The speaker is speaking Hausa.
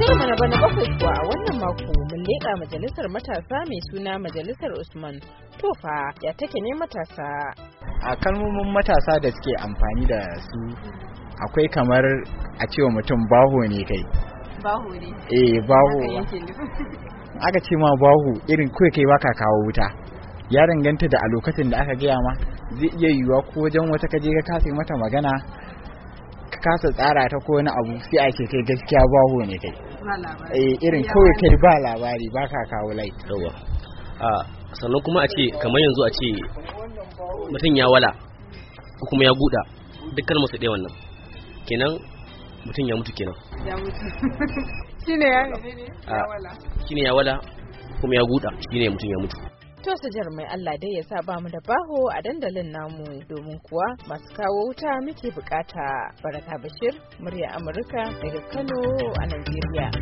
shirin na bana bakwai kuwa a wannan mako mun leƙa majalisar matasa mai suna majalisar Usman Tofa ya take ne matasa. A kalmomin matasa da suke amfani da su akwai kamar a cewa mutum baho ne kai. Baho ne? Eh baho. Aka ce ma baho irin kawai kai baka kawo wuta. Ya danganta da a lokacin da aka gaya ma zai iya yiwuwa ko wajen wata kaje ka kasa mata magana kasa tsara ta ko wani abu sai a kai gaskiya baho ne kai eh irin kawai kai ba labari ba ka kawo light yawa sannan kuma a ce kamar yanzu a ce mutum ya wala ko kuma ya guda dukkan musu ɗaya wannan kenan mutum ya mutu kenan ya mutu shine ya wala shine ya wala kuma ya guda shine mutum ya mutu To jar mai Allah dai ya sa ba mu da baho a dandalin namu domin kuwa masu kawo wuta muke bukata. Baraka Bashir, murya Amurka daga Kano a Najeriya.